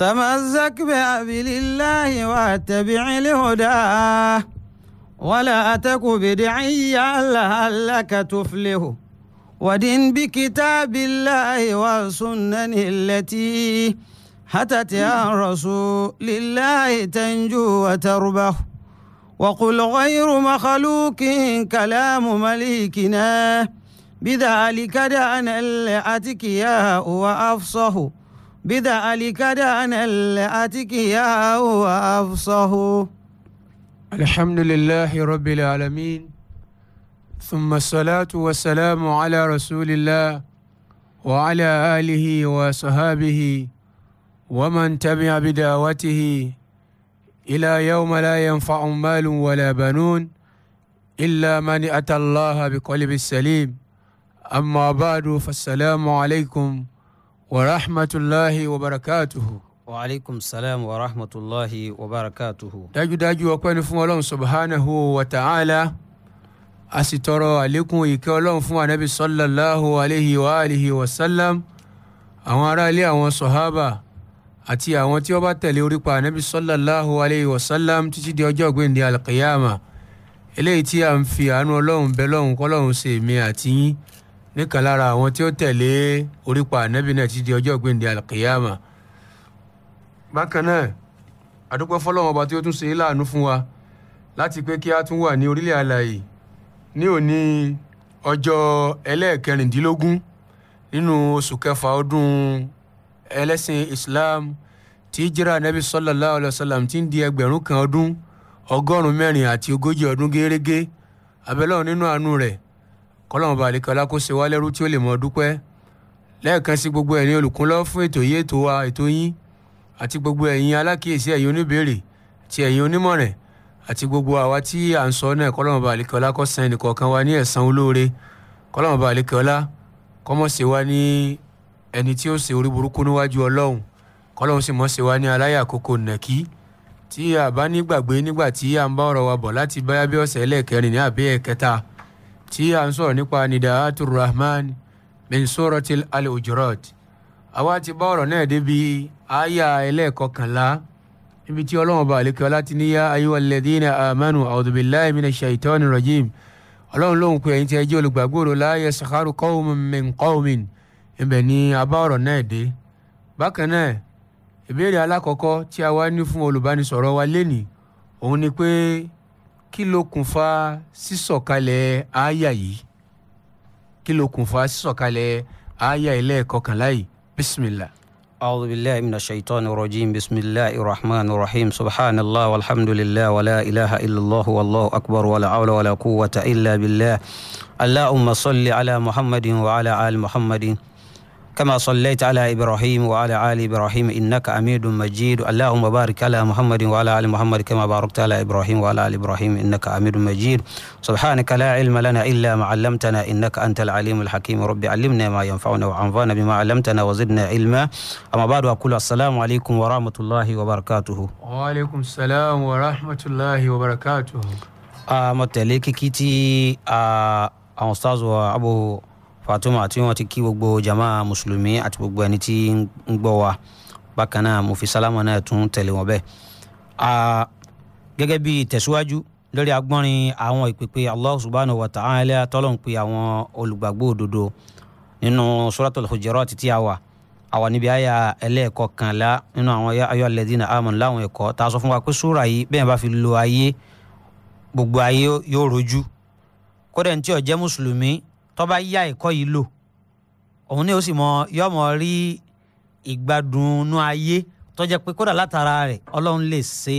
تمزك بأبل الله واتبع لهداه ولا تك بدعيا لعلك تفله ودن بكتاب الله والسنن التي هتت يا رسول الله تنجو وتربه وقل غير مخلوق كلام مليكنا بذلك دعنا الاتكياء وافصه بذلك دان الأتكياء وأفصه الحمد لله رب العالمين ثم الصلاة والسلام على رسول الله وعلى آله وصحابه ومن تبع بدعوته إلى يوم لا ينفع مال ولا بنون إلا من أتى الله بقلب السليم أما بعد فالسلام عليكم warahmatulahi wabarakatuhu. wa aleykum salaam wa rahmatulahi wa barakatuhu. dájúdájú ọpẹ́ ni fún ọlọ́run subhanahu wa ta'ala a sì tọrọ àlékún ìkẹ́ ọlọ́run fún anabi sallallahu alayhi wa alihi wa sallam àwọn aráalé àwọn sọ̀hábà àti àwọn tí wọ́n bá tẹ̀lé orípa anabi sallallahu alayhi wa sallam títí di ọjọ́ gbẹ̀ndé alqiyama eléyìí tí a ń fi àánú ọlọ́run bẹ lọ́run kọ́lọ́run ṣe èmi àti níkan lára àwọn tí ó tẹ̀lé orípa ànábì náà ti di ọjọ́ ìgbìndín alkiyama bákan náà àdúpẹ́ fọlọ́wọn ọba tí ó tún ṣe é láàánú fún wa láti pé kí a tún wà ní orílẹ̀ alàyè ní òní ọjọ́ ẹlẹ́ẹ̀kẹrìndínlógún nínú oṣù kẹfà ọdún ẹlẹ́sìn Islam tí jíra ànábì sallallahu alaihi wasallam ti ń di ẹgbẹ̀rún kan ọdún ọgọ́rùn-ún mẹ́rin àti ogójì ọdún gẹ́rẹ́gẹ́ abẹ́lẹ́ nínú àánú rẹ̀ kọ́lọ́mọba àlekọ́lá kó ṣe wá lẹ́rú tí ó lè mọ dúpẹ́ lẹ́ẹ̀kan sí gbogbo ẹ̀yin olùkúnlọ́ fún ètò yìí ètò wa ètò yín àti gbogbo ẹ̀yin alákìyèsí ẹ̀yin oníbèrè ti ẹ̀yin onímọ̀ràn àti gbogbo àwa tí à ń sọ náà kọ́lọ́mọba àlekọ́lá kó san ẹnìkọ̀ọ̀kan wa ní ẹ̀san olóore kọ́lọ́mọba àlekọ́lá kó mọ̀ ṣe wá ní ẹni tí ó ṣe orí burúkú níwájú ọlọ́run kọ́lọ́run sì mọ̀ ṣe wá ní aláyà kókó nàkí tí a bá nígbàgbé nígbà tí à ń bá ọ̀rọ̀ wa bọ̀ láti báyá bí ọ̀sẹ̀ ẹlẹ́ẹ̀kẹrin ní àbí tí a ń sọ̀rọ̀ nípa nidaatul rahman min suratil al-Hujurat àwa ti bá ọ̀rọ̀ náà débi àyà ẹlẹ́ẹ̀kọkànlá níbi tí ọlọ́run bá àlékè ọlá ti níyà ayyuhal ladhina amanu a'udhu billahi minash shaitanir rajim ọlọ́run lóhùn pé ẹ̀yin tí ẹ jẹ́ olùgbàgbọ́rò la yaskharu qawmun min qawmin ibẹ̀ ni a bá ọ̀rọ̀ náà dé bákan náà ìbéèrè alákọ̀ọ́kọ́ tí a wá ní fún olùbánisọ̀rọ̀ wa lénìí òun ni pé kí ló kùnfà sísọ̀kalẹ̀ àyà yìí kí ló kùnfà sísọ̀kalẹ̀ àyà ẹlẹ́ẹ̀kọkànlá yìí bísímìlà. أعوذ بالله من الشيطان الرجيم بسم الله الرحمن الرحيم سبحان الله والحمد لله ولا إله إلا الله والله أكبر ولا حول ولا قوة إلا بالله اللهم صل على محمد وعلى آل محمد كما صليت على إبراهيم وعلى آل إبراهيم إنك أميد مجيد اللهم بارك على محمد وعلى آل محمد كما باركت على إبراهيم وعلى آل إبراهيم إنك أميد مجيد سبحانك لا علم لنا إلا ما علمتنا إنك أنت العليم الحكيم رب علمنا ما ينفعنا وعنفعنا بما علمتنا وزدنا علما أما بعد أقول السلام عليكم ورحمة الله وبركاته وعليكم السلام ورحمة الله وبركاته آه متلك كيتي آه، أستاذ أبو fatuma tí wọ́n ti kí gbogbo jamaa mùsùlùmí àti gbogbo ẹni tí ń gbọ́ wa bákan náà mo fi sálámà náà tún tẹ̀lé wọn bẹ́ẹ̀. gẹ́gẹ́ bí tẹ̀síwájú lórí agbọ́nrin àwọn ìpèpè allah subhanahu wa ta'ala tọ́lọ̀ ń pe àwọn olùgbàgbọ́ òdodo nínú suratul hujurat títí àwa àwa níbi àyà ẹlẹ́ẹ̀kọ́ kànlá nínú àwọn ayọ̀ alladhina amanu láwọn ẹ̀kọ́ tá a sọ fún wa pé súra yìí bẹ́ẹ̀ bá fi lo ayé gbogbo ayé yóò rojú kódà ní tí ó mùsùlùmí tọ́ba yá ẹ̀kọ́ yìí lò òun ni ó sì mọ yọmọ rí ìgbádùnnú ayé tó jẹ́ pé kódà látara rẹ̀ ọlọ́run lè ṣe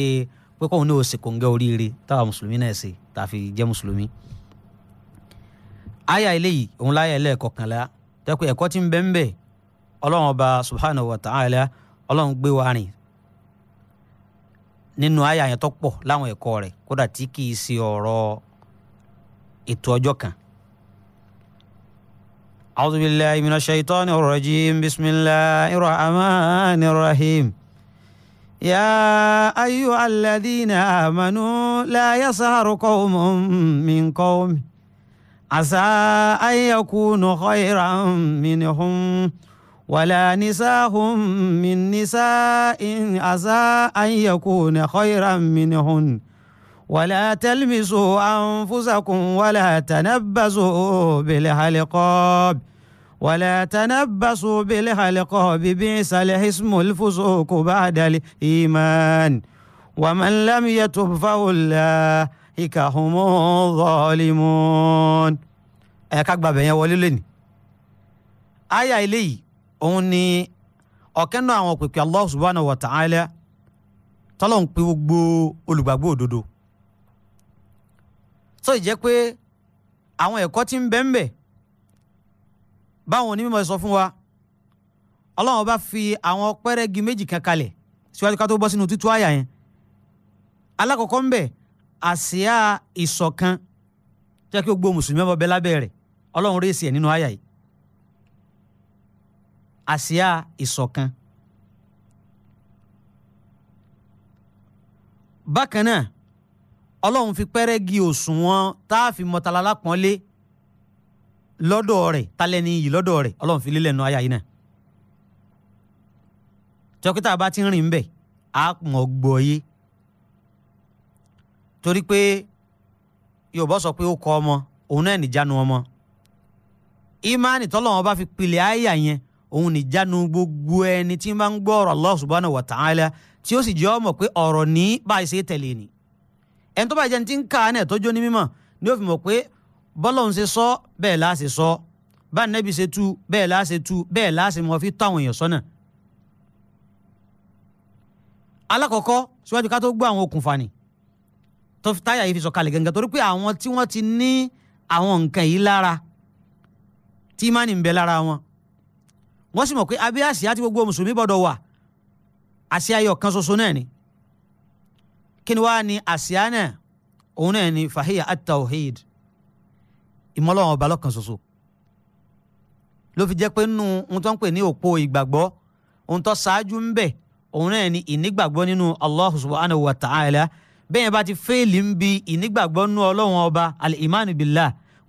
pé kóun ní o sì kòǹgẹ́ oríire táwa mùsùlùmí náà ṣe tá a fi jẹ́ mùsùlùmí. àyà eléyìí òun láyà ẹlẹ́ẹ̀kọ́ kànlá tẹ́kù ẹ̀kọ́ tí ń bẹ ń bẹ ọlọ́run ọba subhanahu wa ta'ala ọlọ́run gbé wa rìn nínú àyà yẹn tó pọ̀ láwọn ẹ̀kọ́ rẹ̀ kódà tí kì í ṣe ọ̀rọ̀ ètò ọjọ́ kan أعوذ بالله من الشيطان الرجيم بسم الله الرحمن الرحيم يا أيها الذين آمنوا لا يسهر قوم من قوم عسى أن يكونوا خيرا منهم ولا نساء من نساء عسى أن يكون خيرا منهن ولا تلمسوا أنفسكم ولا تنبسوا بالحلقاب ولا تنبسوا بالحلقاب بئس الاسم الفسوق بعد الإيمان ومن لم يتب فأولئك هم الظالمون ẹ ká gba bẹ̀yẹn wọlé lẹ́nu àyà eléyìí òun ni ọ̀kẹ́ náà àwọn òpèpè Allah subhanahu wa ta'ala tó ì jẹ́ pé àwọn ẹ̀kọ́ tí ń bẹ ń bẹ báwọn onímọ̀ sọ fún wa ọlọ́run bá fi àwọn pẹ́rẹ́gi méjì kan kalẹ̀ síwájú ká tó bọ́ sínú tútú àyà yẹn alákọ̀ọ́kọ́ ń bẹ àsíá ìṣọ̀kan jẹ́ kí gbogbo mùsùlùmí ọmọ bẹ lábẹ́ rẹ̀ ọlọ́run rí èsì ẹ̀ nínú àyà yìí àsíá ìṣọ̀kan bákan náà ọlọ́run fi pẹ́rẹ́gì òṣùwọ̀n tá a fi mọ̀tàlá lápọ́nlé lọ́dọ̀ rẹ̀ talẹ́ni yìí lọ́dọ̀ rẹ̀ ọlọ́run fi lélẹ̀ nu aya yìí náà tọkítà bá ti rìn ń bẹ̀ á mọ̀ gbọ́ yé torí pé yorùbá sọ pé ó kọ ọmọ òun náà nìjánu ọmọ ìmánì tọ́lọ́wọ́n bá fi pilẹ̀ aya yẹn òun nìjánu gbogbo ẹni tí ń bá ń gbọ́ ọ̀rọ̀ Allah subhanahu wa tí ó sì jẹ́ ọmọ pé ọ̀rọ̀ ní báyìí ṣe tẹ̀lé ni ẹni tó bá jẹ́ ní ti ń ka ní ẹ̀tọ́jú ní mímọ̀ ni ó fi mọ̀ pé bọ́lọ́hún ṣe sọ bẹ́ẹ̀ la ṣe sọ bá nẹ́bí ṣe tú bẹ́ẹ̀ la ṣe tú bẹ́ẹ̀ la ṣe mọ̀ fi tó àwọn èèyàn sọ́nà. alákọ̀ọ́kọ́ síwájú ká tó gbọ́ àwọn okùnfà ni tó fi táyà yìí fi sọ̀kalẹ̀ gẹ́gẹ́ torí pé àwọn tí wọ́n ti ní àwọn nǹkan yìí lára tí ìmánì ń bẹ lára wọn wọ́n sì mọ̀ pé abẹ́ àsíá tí gbogbo mùsùlùmí gbọ́dọ̀ wà àsíá yọ̀ kan ṣoṣo náà ni kí ni wàá ní fahiya ọba lọ́kan ṣoṣo fi jẹ́ pé nínú ohun tó ń pè ní òpó ìgbàgbọ́ ohun tó ṣáájú ń bẹ̀ òun náà ní ìnígbàgbọ́ nínú Allah subhanahu wa ta'ala bẹ́ẹ̀ bá ti fẹ́ẹ̀lì ń bi ìnígbàgbọ́ nínú ọlọ́wọ́n ọba al-imanu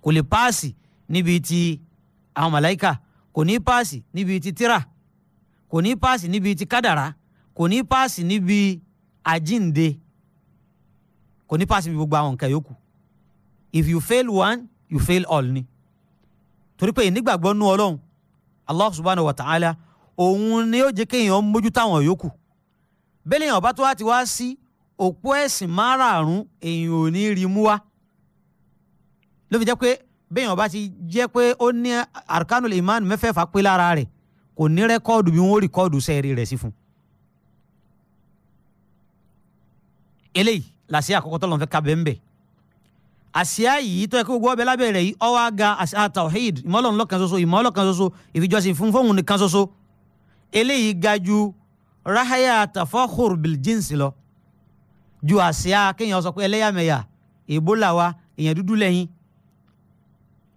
kò lè paasi níbi ti àwọn ti kò ní paasi kò ní pass gbogbo àwọn nǹkan yòókù if you fail one you fail all ni torí pé ìnígbàgbọ́ nú ọlọ́run allah subhanahu wa ta'ala òun ni yóò jẹ́ kéèyàn mójú táwọn yòókù bẹ́ẹ̀ lèèyàn bá tó wá ti wá sí òpó ẹ̀sìn márààrún èèyàn ò ní rí mú wá ló fi jẹ́ pé bẹ́ẹ̀yàn bá ti jẹ́ pé ó ní arkanul iman mẹ́fẹ̀ẹ̀fà pé lára rẹ̀ kò ní rẹ́kọ́ọ̀dù bí wọ́n rìkọ́ọ̀dù sẹ́ẹ̀rì rẹ̀ sí fún eléyìí làṣẹ àkọ́kọ́ tọ́lọ́run fẹ́ kábẹ́ ń bẹ̀ àṣìá yìí tó yẹ kó gbọ́ ọbẹ̀ lábẹ́ rẹ̀ yìí ọwọ́ aga àṣà tawhid ìmọ̀lọ́run lọ́kan ṣoṣo ìmọ̀lọ́run kan ṣoṣo ìfijọ́sìn fún fóun nìkan ṣoṣo eléyìí ga ju ráháyà tafakhur bil ju àṣìá kéèyàn sọ pé ẹlẹ́yàmẹ̀yà Ebola wa èèyàn e dúdú lẹ́yìn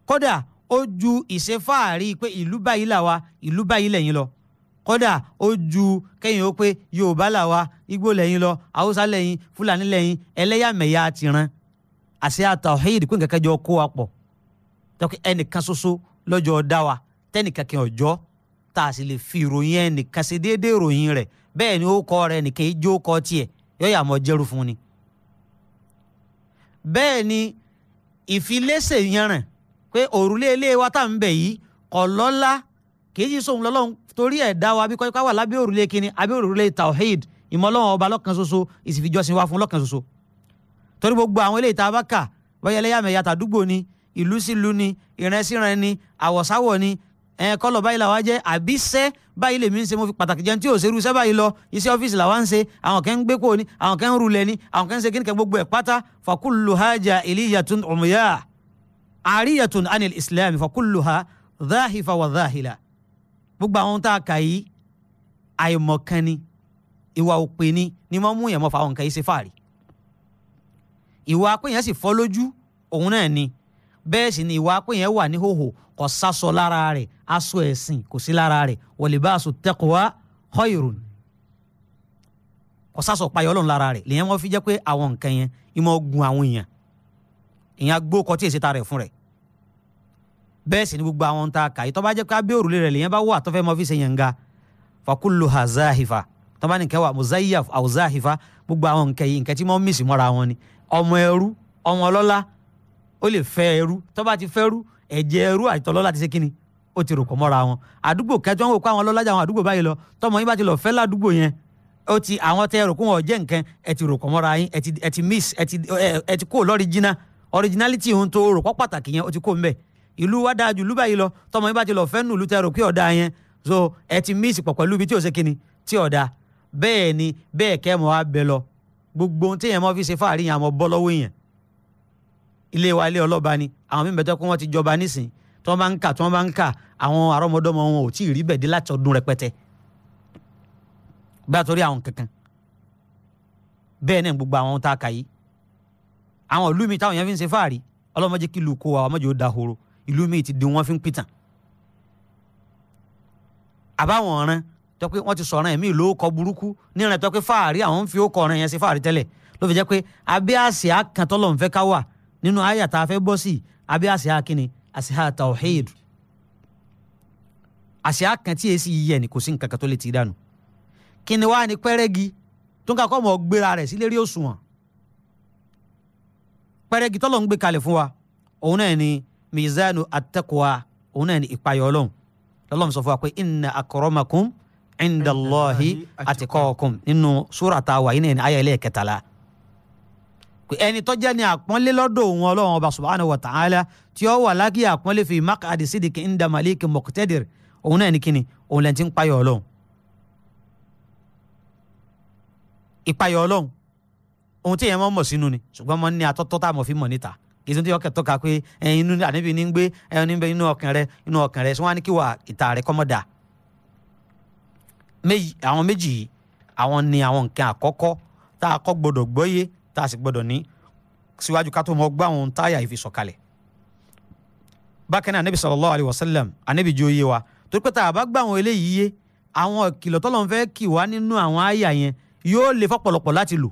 kódà ó ju ìṣefáàrí pé ìlú báyìí là wa ìlú báyìí lẹ́yìn lọ kódà ó ju kéèyàn ó pé Yorùbá là wa igbó lẹ́yìn lọ haúsá lẹ́yìn fúlàní lẹ́yìn ẹlẹ́yàmẹ̀yà ti ran àṣẹ àtàwọ̀hìd pé nǹkan jọ kó wa pọ̀ tọ́kí ẹnìkan ṣoṣo lọ́jọ́ dá wa tẹ́nìkan kan ọjọ́ tá a sì lè fi ìròyìn ẹnìkan ṣe ìròyìn rẹ̀ bẹ́ẹ̀ ni ó kọ rẹ̀ nìkan ijó kọ tiẹ̀ yọ̀yà mọ́ jẹ́rú fún ni. bẹ́ẹ̀ ni pé òrùlé ilé wa tá wa bí wà lábẹ́ òrùlé ìmọ̀lọ́wọ́n ọba lọ́kan ṣoṣo ìsìfijọ́sìn wa fún lọ́kan ṣoṣo torí gbogbo àwọn eléyìí tá a bá kà bóyá ẹlẹ́yàmẹ̀yà tàdúgbò ni ìlú sílù ni ìrẹsíran ni àwọ̀sáwọ̀ ni ẹ̀ẹ́n kọ́lọ̀ báyìí làwa jẹ́ àbí sẹ́ báyìí lèmi ń ṣe mo fi pàtàkì jẹun tí ò ṣerú sẹ́ báyìí lọ iṣẹ́ ọ́fíìsì làwa ń ṣe àwọn kan ń gbé kò ní àwọn kan ń rulẹ̀ ní àwọn kan ń ṣe kí ni kan gbogbo ẹ̀ pátá fakulluha ja'iliyatun umya ariyatun anil islam fakulluha dhahifa wa dhahila gbogbo àwọn tá a kà yìí àìmọ̀kan ni ìwà òpè ni ni wọ́n mú yẹn mọ́ fa àwọn nǹkan yìí ṣe fàárì ìwà apẹ̀yẹn sì fọ́ lójú òun náà ni bẹ́ẹ̀ sì ni ìwà apẹ̀yẹn wà ní hòhò kò sásọ lára rẹ̀ aṣọ ẹ̀sìn kò sí lára rẹ̀ walibasu taqwa khayrun kò sásọ payọ́ ọlọ́run lára rẹ̀ lèyẹn wọ́n fi jẹ́ pé àwọn nǹkan yẹn ìmọ̀ gun àwọn èèyàn èèyàn gbó kọtí èsì ta rẹ̀ fún rẹ̀ bẹ́ẹ̀ sì ni gbogbo àwọn tá a kà yìí tó bá jẹ́ pé abẹ́ òrùlé rẹ̀ lèyẹn bá wà tó fẹ́ mọ́ fi ṣe yẹn ń ga fakulu hazahifa tó bá ní nǹkan wà muzayaf aw zahifa gbogbo àwọn nǹkan yìí nǹkan tí wọ́n mìsì mọ́ra wọn ni ọmọ ẹrú ọmọ ọlọ́lá ó lè fẹ́ ẹrú tó bá ti fẹ́ ẹrú ẹ̀jẹ̀ ẹrú àti tọlọ́lá ti ṣe kíni ó ti rò kọ́ mọ́ra wọn àdúgbò kẹjọ ń wò kó àwọn ọlọ́lá jà wọn àdúgbò báyìí lọ tọmọ yín bá ti lọ fẹ́ ládùúgbò yẹn ó ti àwọn tẹ rò kó wọn jẹ́ nǹkan ẹ ti rò kọ́ yín ẹ ti miss ẹ ti kó lọ́ọ̀rì jìnnà originality ohun tó rò pọ́ pàtàkì yẹn ó ti kó ń bẹ̀ ìlú wa dáa jù lúbàyìí lọ tọmọ yín bá ti lọ fẹ́ nù lù tẹ rò pé ọ̀dà yẹn so ẹ ti miss pọ̀ pẹ̀lú ibi tí ò ṣe kíni tí ọ̀dà bẹ́ẹ̀ ni bẹ́ẹ̀ kẹ́ mọ́ á bẹ lọ gbogbo ohun téèyàn mọ́ fi ṣe fáàrí yẹn àmọ́ bọ́ lọ́wọ́ èèyàn ilé wa ilé ọlọ́ba ni àwọn mímu bẹ́tọ́ pé wọ́n ti jọba nísìn tí wọ́n bá ń kà tí wọ́n bá ń kà àwọn àrọ́mọdọ́mọ wọn ò tí ì rí bẹ̀dé láti ọdún rẹpẹtẹ gbá torí àwọn kankan bẹ́ẹ̀ náà gbogbo àwọn tá a kà yìí àwọn ìlú mi táwọn yẹn fi ń ṣe fáàrí ọlọ́mọdé kí ìlú kó wa ọmọdé ó dahoro ìlú mi ti di wọn fi ń pìtàn àbáwọn ọ̀ràn jọ pé wọ́n ti sọ̀rọ̀ ẹ̀mí ìlú kọ burúkú níran tó pé fáàrí àwọn ń fi ó kọ̀ọ̀rọ̀ yẹn sí fáàrí tẹ́lẹ̀ ló fi jẹ́ pé abẹ́ àsíá kan tọ́lọ̀ ń fẹ́ ká wà nínú àyà tá a fẹ́ bọ́ sí abẹ́ àsíá kínni àsíá tawhid àsíá kan tí èsì yíyẹ ni kò sí nǹkan kan tó lè ti dànù kínni wá ní pẹ́rẹ́gi tó ń ka kọ́ mọ̀ gbéra rẹ̀ sí lérí òṣùwọ̀n pẹ́rẹ́gi tọ́lọ̀ ń gbé kalẹ̀ fún wa òun náà ni mizanu at òun náà ni ìpayọ̀ ọlọ́run lọ́lọ́run sọ fún wa pé inna akramakum indalahi atikọọkum nínú súrata wa yìí ní ayé ilé kẹtàlá ẹni tọ́jà ni àpọ́nlé lọ́dọ̀ òun ọlọ́run ọba subhanahu wa ta'ala tí ó wà lákì àpọ́nlé fi maqadi sidiki inda maliki muqtadir òun náà ní kíni òun lẹ́ni tí ń payọ̀ ọlọ́run ìpayọ̀ ọlọ́run ohun tí èèyàn máa ń mọ̀ sínú ni ṣùgbọ́n mo ní atọ́tọ́ tá a mọ̀ fi mọ̀ níta kì í sún tí ọkẹ́ tọ́ka pé ẹ̀yin inú àníbi ní ń gbé ẹ̀yin inú ọkàn rẹ inú ọkàn rẹ sọ wá ní kí wà ìta rẹ kọ́mọ́dà méjì àwọn méjì yìí àwọn ni àwọn nǹkan àkọ́kọ́ tá a kọ́ gbọ́dọ̀ gbọ́yé tá a sì gbọ́dọ̀ ní síwájú ká tó mọ gbọ́ àwọn táyà ìfisọ̀kalẹ̀ bákan náà anabi sallallahu alayhi wa sallam anabi jẹ́ oyé wa torí pé tá a bá gbọ́ àwọn eléyìí yé àwọn ìkìlọ̀ tọ́lọ́run fẹ́ kì wá nínú àwọn àyà yẹn yóò lè fọ́pọ̀lọpọ̀ láti lò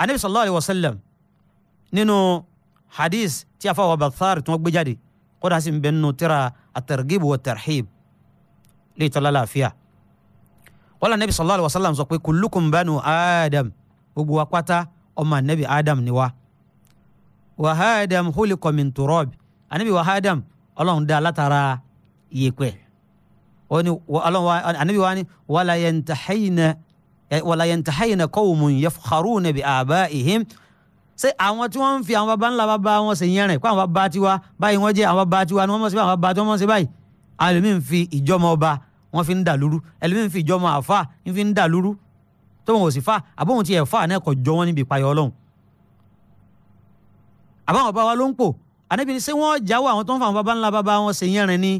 anabi sallallahu alayhi wa sallam nínú hadith tí a fọwọ́ bàtàr tí wọ́n gbé jáde kódà sì ń tíra at wa tarhib lè tọ́lá láàfíà wọ́n nabi sallallahu alayhi wa sallam sọ pé kullukum banu adam gbogbo wa pátá ọmọ anabi adam ni wa wa adam khuliqa min turab anabi wa adam ọlọ́run dá látara yèpẹ̀ wọ́n ni ọlọ́run wa anabi wa ni wala yantahayna wala yantahayna qawmun yafkharuna bi abaihim ṣé àwọn tí wọ́n fi àwọn baba ńlá baba wọn ṣe yẹn rìn kó àwọn baba tiwa báyìí wọ́n jẹ́ àwọn baba tiwa ni wọ́n mọ̀ sí báyìí àwọn baba tí wọ́n mọ̀ sí báyìí àlùmí ń fi wọ́n fi ń dà lúrú ẹlòmíín fi ìjọmọ àfa ń fi ń dà lúrú tó wọn ò sì fa àbóhun ti ẹ̀ fa náà kò jọ wọn níbi ìpayọ̀ ọlọ́run àbáwọn bàbá wa ló ń pò ànábi ṣé wọ́n jáwọ́ àwọn tó ń fa àwọn bàbá ńlá bàbá wọn ṣe yẹrin ni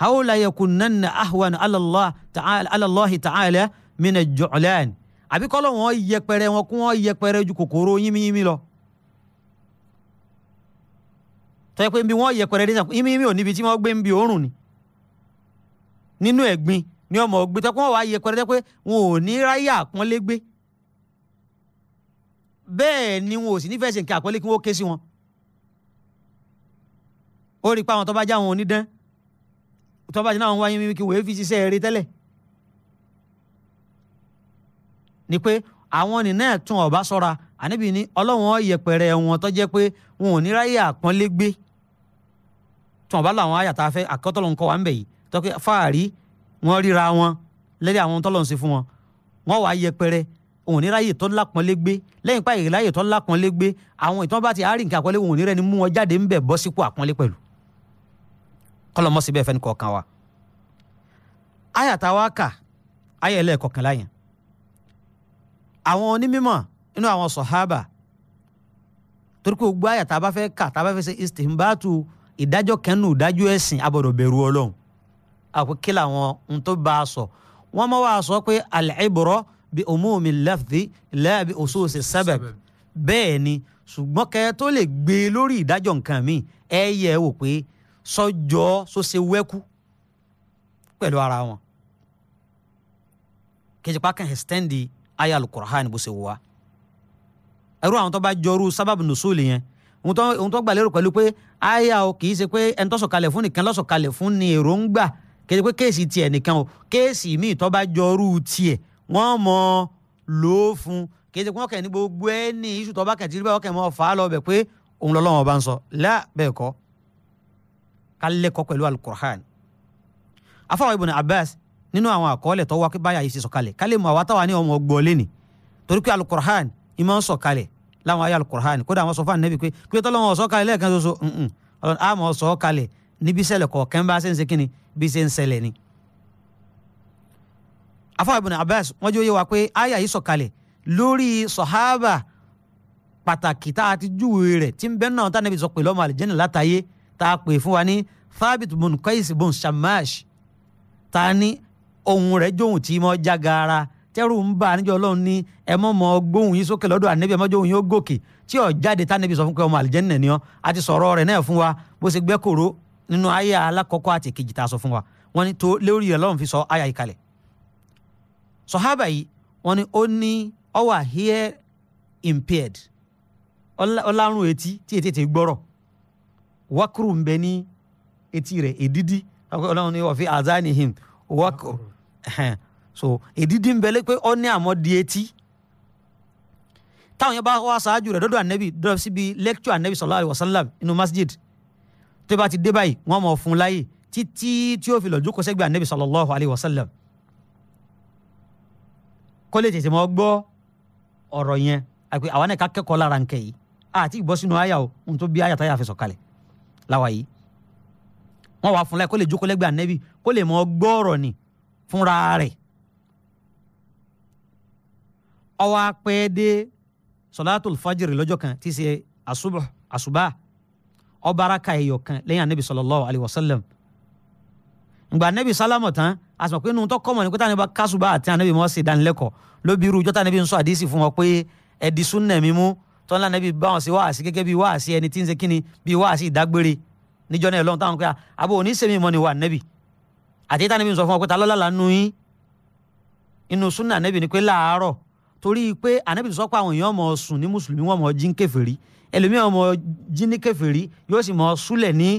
hawla yakunanna ahwan alallahi ta'ala mina ju'lan àbí kọ́ lọ́wọ́n yẹpẹrẹ wọn kún wọ́n yẹpẹrẹ ju kòkòrò yínmíyínmí lọ tọ́ ẹ pé bí wọ́n yẹpẹrẹ dé sàkó yínmíyínmí ò níbi tí wọ́n gbé ń bi òórùn ni nínú ẹ̀gbin ní ọmọ ọ̀gbìn tẹ́ pé wọ́n wá yẹ pẹ́rẹ́tẹ́ pé wọn ò ní ráyè àpọ́nlé gbé bẹ́ẹ̀ ni wọn ò sì nífẹ̀ẹ́ ṣe nǹkan àpọ́nlé kí wọ́n ké sí wọn ó rí i pé àwọn tó bá já wọn onídán tó bá jẹ́ náà wọ́n wáyé mímí kí wọ́n fi ṣiṣẹ́ eré tẹ́lẹ̀ ni pé àwọn nìna ẹ̀tún ọ̀bá sọ́ra àníbi ní ọlọ́wọ́n yẹpẹrẹ wọn tó jẹ́ pé wọn ò ní ráyè àpọ́nlé gbé tí wọn bá àyàtà afẹ́ àkọ́tọ̀ ló ń ń bẹ̀ yìí tọ́kẹ́ fáàrí wọ́n ríra wọn lẹ́rí àwọn tọ́lọ̀ ń ṣe fún wọn wọ́n wàá yẹpẹrẹ òun ní ráyè tó lápọ́nlé gbé lẹ́yìn páyì ráyè tó lápọ́nlé gbé àwọn ìtàn bá ti àárín nǹkan àpọ́nlé òun ní rẹ́ni mú wọn jáde ń bẹ̀ bọ́ sípò àpọ́nlé pẹ̀lú kọlọmọsí bẹ́ẹ̀ fẹ́ni kọ̀ọ̀kan wa. àyà tá a wá kà àyà ẹlẹ́ẹ̀kọ̀kànlá yẹn àwọn onímọ̀ inú àwọn sọ̀hábà torí pé gbogbo àyà tá a bá fẹ́ kà tá a bá fẹ́ ṣe ìsìnbátu ìdájọ́ kẹ́nu ìdájọ́ ẹ̀sìn abọ̀dọ̀ bẹ̀rù ọlọ́run àpòkí làwọn ń tó bá a sọ wọn mọ wàá sọ pé al-ibra bi umumi lafzi la bi ususi sabab bẹ́ẹ̀ ni ṣùgbọ́n kẹ́ tó lè gbé e lórí ìdájọ́ nǹkan mi ẹ yẹ wò pé sọjọ́ sọsẹ wẹ́kú pẹ̀lú ara wọn kejìpá kan ẹ̀stẹ́ndì aya al-Qur'an bó ṣe wù wá ẹrú àwọn tó bá jọrú sábàbù nùsùlù yẹn ohun tó gbà lérò pẹ̀lú pé aya o kì í ṣe pé ẹni fún nìkan ló fún ni èròǹgbà kí ẹ pé kéèsì tiẹ̀ nìkan o kéèsì míì tó bá jọrú tiẹ̀ wọ́n mọ̀ lò ó fún kí ẹ pé wọ́n kẹ̀ ní gbogbo ẹ̀ ní iṣu tó bá kẹ̀ tìrí bá wọ́n mọ́ fà á lọ bẹ̀ pé òun lọ́lọ́wọ́n bá ń sọ lá bẹ́ẹ̀ kọ́ ká lẹ́kọ̀ọ́ pẹ̀lú alukur'an afáwọn ibùn abbas nínú àwọn àkọọ́lẹ̀ tó wá pé báyà yìí ṣe sọ̀kalẹ̀ ká lè mọ àwa táwa ní ọmọ ọgbọ́ lẹ́nì torí pé alukur'an ìmọ̀ ń sọ̀kalẹ̀ láwọn ayé alukur'an kódà àwọn sọ fún ànẹ́bí pé pé tọ́lọ́wọ́n níbi ṣẹlẹ̀ kọ̀ọ̀kan bá ṣe ń ṣe kínni bí ṣe ń ṣẹlẹ̀ ni. afa ibn abbas wọn jẹ́ òye wa pé aya yìí sọ̀kalẹ̀ lórí sọ̀hábà pàtàkì tá a ti júwe rẹ̀ tí ń bẹ́ẹ̀ náà tá a níbi sọ pé lọ́mọ àlìjẹ́nì látàyé tá a pè fún wa ní thabit bun qais bun shamash tá a ní ohun rẹ̀ jóhùn tí mo já gaara tẹ́rù ń bá níjọ́ ọlọ́run ní ẹ mọ́ gbóhùn yín sókè lọ́dọ̀ ànẹ́bí ẹ mọ́ yín ó gòkè tí ọ̀ jáde tá níbi sọ fún pé ọmọ àlìjẹ́nì ni ọ́ sọ̀rọ̀ rẹ̀ náà fún wa bó ṣe gbẹ́ kòró nínú àyà alákọ̀ọ́kọ́ àti èkejì tá a sọ fún wa wọ́n ní tó lórí rẹ̀ lọ́run fi sọ àyà yìí kalẹ̀ sọ̀hábà yìí wọ́n ní ó ní ó wà impaired ọlárun etí tí etí ti gbọ́rọ̀ wákùrù ń bẹ ní etí rẹ̀ èdídí ọlọ́run ní ọ̀fi azanihim wákùrù so èdídí ń bẹ lé pé ó ní àmọ́ di etí táwọn yẹn bá wá ṣáájú rẹ̀ dọ́dọ̀ ànẹ́bì dọ́dọ̀ síbi lẹ́kítọ̀ ànẹ́bì sallallahu alaihi inú masjid tó bá ti dé báyìí wọ́n mọ̀ fún láyè títí tí ó fi lọ jókòó sẹ́gbẹ̀ẹ́ anabi sallallahu alayhi wa sallam kó lè tètè mọ́ gbọ́ ọ̀rọ̀ yẹn àpè àwa náà ká kẹ́kọ̀ọ́ lára nkẹ́ yìí àti ìbọ́ sínú àyà o ohun tó bí àyà táyà fi sọ̀kalẹ̀ láwa yìí wọ́n wàá fún láyè kó lè jókòó lẹ́gbẹ̀ẹ́ anabi kó lè mọ́ gbọ́ ọ̀rọ̀ ni fúnra rẹ̀ ọwọ́ apẹ́ẹ́dẹ́ sọ̀látùl fájìrì lọ́jọ́ kan tí í ṣe àṣùbà ọbaraka ẹyọ kan lẹ́yìn anabi sallallahu alayhi wa sallam ngba anabi salamu tán asọ pé nùtọ kọmọ ní kótó anabi kásùbà àti anabi mọ sí ìdánilẹ́kọ̀ọ́ ló bí irú ìjọta anabi ń sọ àdísì fún wọn pé ẹdí súnà mi mú tọ́lá anabi bá wọn sí wáàsí gẹ́gẹ́ bí wáàsí ẹni tí ń ṣe kíni bí wáàsí ìdágbére níjọ náà lọ́n táwọn pé abo òní mọ́ ni wà anabi àti ìtànàbí ń fún wọn pé ta lọ́lá yín inú súnà anabi ni pé láàárọ̀ torí pé ànábì sọ pé àwọn èèyàn mọ̀ ọ́ sùn ní mùsùlùmí wọn mọ̀ ọ́ jí ń kèfèrí ẹlòmíràn mọ̀ ọ́ jí ní kèfèrí yóò sì mọ̀ ọ́ súlẹ̀ ní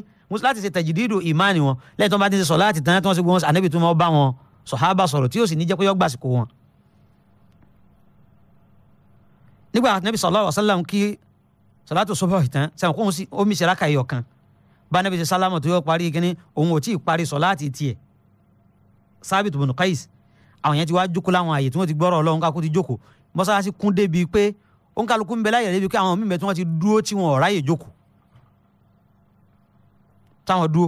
láti ṣe tẹ̀jìdìdò ìmáàni wọn lẹ́yìn tó bá ti ṣe sọ láti tán tí wọ́n ṣe gbọ́n ànábì tó máa bá wọn sọ̀hábà sọ̀rọ̀ tí yóò sì ní jẹ́ pé yọ́ gbàsìkò wọn. nígbà ànábì sallallahu alaihi wasallam kí sọ̀látò sọ́bọ̀ ìtàn sẹ́wọ̀n kóhun sí omi ṣe ẹ̀yọ̀ kan bá ànábì ṣe sálámù tó yọ parí kínní òun ò tí ì parí sọ̀láàtì tiẹ̀ sábìtù bùnú káyìsì àwọn yẹn ti wá jókòó láwọn àyè tí wọ́n ti gbọ́rọ̀ ọlọ́run ká kó ti jókòó mọ́sálásí kún débi pé òǹkàlùkù ń bẹ láyè débi pé àwọn mímẹ́ tí wọ́n ti dúró tí wọn ò ráyè jókòó táwọn dúró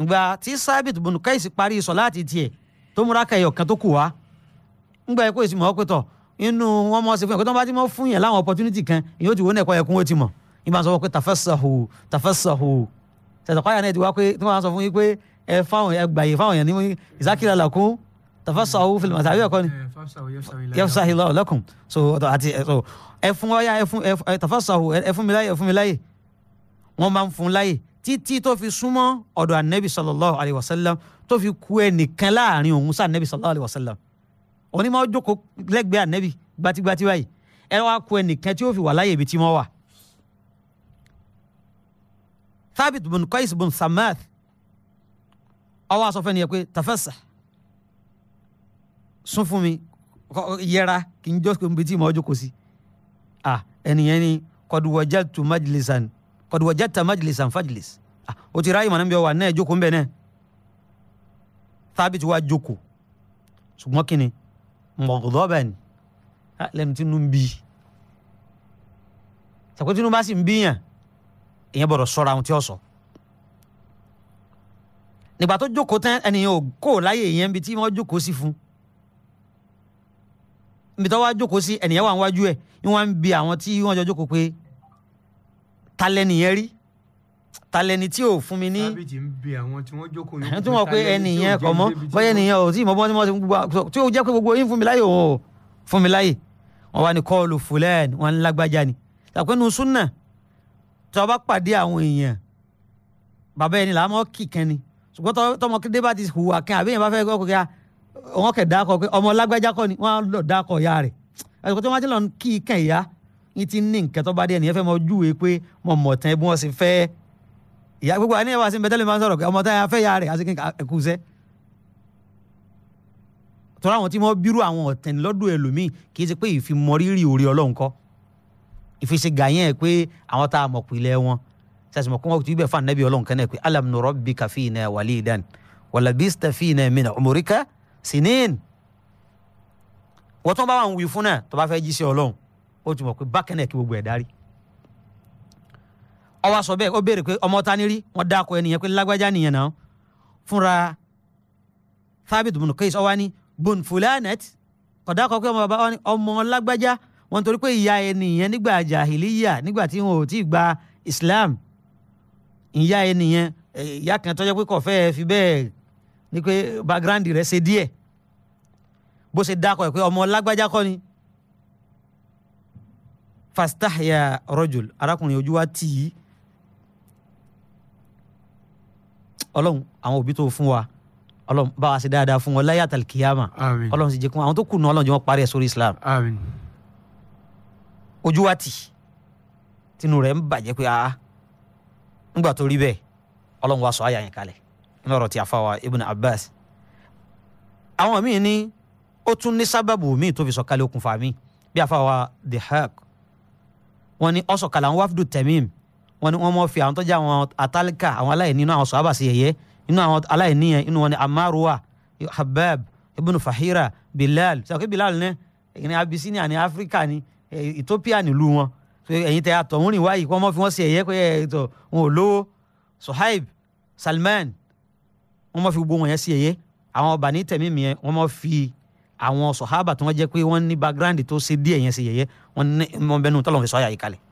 ìgbà tí sábìtì bùnú kẹ́sì parí sọ láti tiẹ̀ tó múra kẹyọ̀ kan tó kù wá ńgbà ẹ̀kọ́ èsì mọ̀ ọ́ pé tọ̀ inú wọn mọ̀ ọ́ fún yẹn kó tó ń bá ti mọ̀ fún yẹn láwọn opportunity kan ìyóò ti wọ́n náà ẹ̀kọ́ ẹ̀kún ó ti mọ̀ ìbá sọ pé tàfẹ́sàhù tàfẹ́sàhù tẹ̀sán kọ́yà náà ti wá pé tí wọ́n sọ fún yín pé ẹ fáwọn ẹ gbàyè fáwọn yẹn ní ìsákìlà làkún tafassahu fil mata ayo kọ́ni yafsahi Allahu lakum so àti so ẹ fún ọyá ẹ fún ẹ tafassahu ẹ fún mi láyè ẹ fún mi láyè wọ́n máa ń fún láyè títí tó fi súnmọ́ ọ̀dọ̀ anabi sallallahu alayhi wa sallam tó fi kú ẹnìkan láàrin òun sá anabi sallallahu alayhi wa sallam onímọ̀ jókòó lẹ́gbẹ̀ẹ́ anabi gbatigbati báyìí ẹ wá kú ẹnìkan tí ó fi wà láyè ibi tí wọ́n wà. Thabit bin Qais bin Samath ọwọ́ aṣọ fẹ́ni yẹ pé tafassahu sún fún mi yẹra kì í jókòó níbi tí mo jókòó sí ah ẹnìyẹn ni kọduwọjá tu majlisan kọduwọjá ta majlisan fajlis ah o ti ráyè mọ̀nà bí wà náà jókòó nbẹ náà tábìtì wa jókòó ṣùgbọ́n kí ni mọ̀gọ́dọ́bẹ̀ ni lẹ́nu tí nu ń bí sàkó tí nu bá sì ń bíyàn ìyẹn bọ̀dọ̀ sọ̀rọ̀ àwọn tí ó sọ nígbà tó jókòó tán ẹnìyẹn ò kó láyè ìyẹn bí tí wọ́n jókòó sí fún un ibi tó wá jókòó sí ẹnìyẹn wà wájú ẹ̀ ni wọ́n ń bi àwọn tí wọ́n jọ jókòó pé ta lẹ́nìyẹn rí ta lẹni tí ò fún mi ní. sábẹ́jì ń bi àwọn tí wọ́n jókòó ẹnìyẹn kọ̀ mọ́ bọ́yá ẹnìyẹn ò tí ì mọ́ tí wọ́n ti gbogbo tí ó jẹ́ pé gbogbo yín fún mi láyè òun fún mi láyè wọ́n wá ní kọ́ọ̀lù fúlẹ́ẹ̀n wọ́n ń lágbájá ni. tàpẹ́ nu súnà tí wọ́n bá pàdé àwọn èèyàn bàbá ẹni làá mọ́ kì kan ni ṣùgbọ́n tọmọkédé bá ti hùwà kan àbí èèyàn bá fẹ́ wọn kẹ̀ dákọ̀ pé ọmọ lágbájá kọ́ ni wọ́n lọ dákọ̀ ya rẹ̀ àsìkò tí wọ́n ti lọ kí i kàn ìyá ní ti ní nǹkan tó bá dé ẹnìyẹn fẹ́ mọ júwe pé mo mọ̀ tán bí wọ́n sì fẹ́ ìyá gbogbo àní ẹ̀wà sí bẹ́tẹ́lẹ̀ máa ń sọ̀rọ̀ ọmọ táyà fẹ́ ya rẹ̀ àti kẹ̀kúsẹ́ tọ́lá àwọn tí wọ́n bírú àwọn ọ̀tẹ̀ lọ́dún ẹlòmíì kì í ṣe pé ìfimọ̀rírì òrì ọlọ́run kọ́ ìfisegà yẹn pé àwọn tá a mọ̀ pìlẹ̀ wọn sàtìmọ̀ kó wọn ti bẹ̀ fún anabi ọlọ́run kan náà pé alam nurọ̀ bí kàfíìn náà wàlíì dání wàlàbí stafíìn náà mìíràn ọmọríkà sinin wọ́n tó ń bá wà ń wí fún náà tó bá fẹ́ jí sí ọlọ́run ó ti mọ̀ pé bákẹ́ náà kí gbogbo ẹ̀ darí ó wá sọ bẹ́ẹ̀ ó béèrè pé ọmọ ta ni rí wọ́n dáko ẹnìyẹn pé lágbájá nìyẹn náà fúnra Thabit bin Qais ó ni ní bon fulanet ọ̀dà kọ pé ọmọ bàbá wa ní ọmọ lágbájá wọn torí pé ìyá ẹnìyẹn nígbà jahiliya nígbà tí wọn ò tí ì gba Islam ìyá ẹnìyẹn ìyá kan tó jẹ́ pé kò fẹ́ fi bẹ́ẹ̀ ni pé background rẹ̀ ṣe díẹ̀ bó ṣe dákọ̀ ẹ̀ pé ọmọ lágbájá kọ́ ni fastahya rajul arákùnrin ojú wa tì í ọlọ́run àwọn òbí tó fún wa ọlọ́run bá wa ṣe dáadáa fún wọn láyé àtàlìkìyàmà ọlọ́run sì jẹ́ kí wọn àwọn tó kù náà ọlọ́run wọn parí ẹ̀ sórí islam ojú wa tì tinú rẹ̀ ń bàjẹ́ pé a ńgbà tó rí bẹ́ẹ̀ ọlọ́run wa sọ àyà yẹn kalẹ̀ ńlọrọ tí a fa wa Ibn Abbas àwọn míì ní ó tún ní sábàbù míì tó fi sọ̀kalẹ̀ okùnfà míì bí a fa wa Dihaq wọ́n ní ọsọkalẹ àwọn wàfdù Tamim wọ́n ní wọ́n mọ fi àwọn tọjá àwọn atalika àwọn aláìní inú àwọn sọhábà sí yẹ̀yẹ́ inú àwọn aláìní yẹn inú wọn ní Amaruwa Habab Ibn Fahira Bilal sàkóyè Bilal ní ẹni Abisinia ní Áfíríkà ní Ethiopia nílùú wọn ẹ̀yin tẹ àtọ̀ wọn rìn wáyé kí wọ́n mọ fi wọ́n sí ẹ̀yẹ́ pé ẹ̀ ẹ̀ wọn ò lówó Suhaib Salman wọ́n máa fi gbogbo wọn yẹn sí ẹ̀yẹ àwọn ọba ní tẹ̀mí mi yẹn wọ́n máa fi àwọn sọ̀hábà tí wọ́n jẹ́ pé wọ́n ní background tó ṣe díẹ̀ yẹn sí ẹ̀yẹ wọ́n ní mọ́bẹ́nu tọ́lọ́ fi sọ àyà yìí kalẹ̀